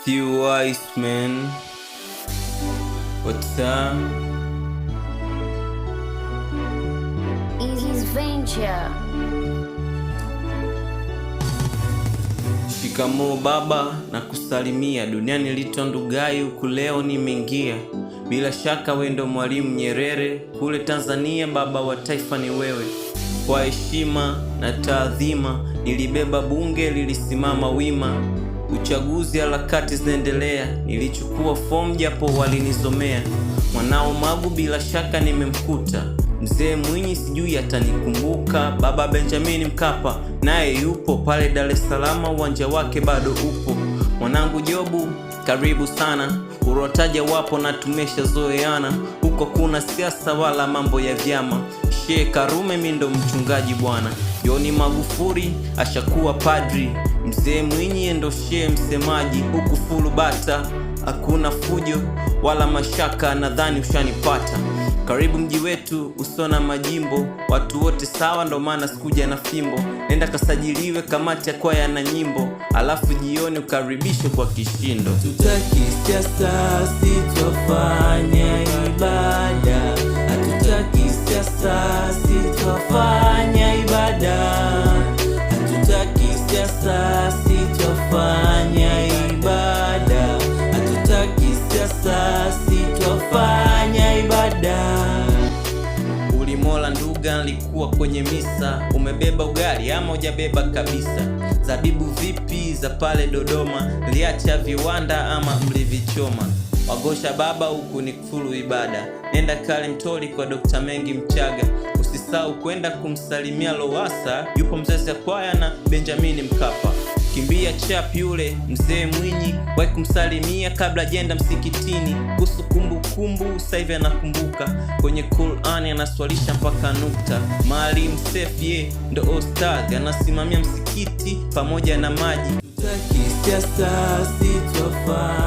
Matthew Weissman. what's up? Easy's Venture. Shikamoo baba na kusalimia duniani lito Ndugai, huku leo nimeingia. Bila shaka wewe ndo Mwalimu Nyerere kule Tanzania, baba wa taifa ni wewe. Kwa heshima na taadhima nilibeba bunge lilisimama wima uchaguzi, harakati zinaendelea. Nilichukua fomu japo walinizomea. Mwanao Magu bila shaka nimemkuta. Mzee Mwinyi sijui atanikumbuka. Baba Benjamin Mkapa naye yupo pale Dar es Salaam, uwanja wake bado upo. Mwanangu Jobu karibu sana, urotaja wapo na tumeshazoeana. Huko kuna siasa wala mambo ya vyama. Shehe Karume mi ndo mchungaji bwana. Joni magufuri ashakuwa padri. Mzee Mwinyi endoshie msemaji huku fulu bata, hakuna fujo wala mashaka, nadhani ushanipata. Karibu mji wetu usona majimbo, watu wote sawa, ndo maana sikuja na fimbo. Nenda kasajiliwe kamati ya kwaya na nyimbo, alafu jioni ukaribishe kwa kishindo. Tutaki siasa, sitofanya ibada, hatutaki siasa, sitofanya siasa, sitofanya ibada. Hatutaki siasa, sitofanya ibada. Ulimola nduga, nlikuwa kwenye misa. Umebeba ugali ama ujabeba kabisa? Zabibu vipi za pale Dodoma? liacha viwanda ama mlivichoma? Wagosha baba huku ni kufuru ibada. Nenda kale Mtoli kwa Dokta Mengi Mchaga. Usisahau kwenda kumsalimia Lowasa, yupo mzazi akwaya na Benjamini Mkapa. Kimbia chap yule mzee Mwinyi, wai kumsalimia kabla jenda msikitini. Kuhusu kumbukumbu, sahivi anakumbuka kwenye Qur'ani, anaswalisha mpaka nukta. Maalim Seif ye ndo ostadhi, anasimamia msikiti pamoja na maji. Tutaki siasa sitofaa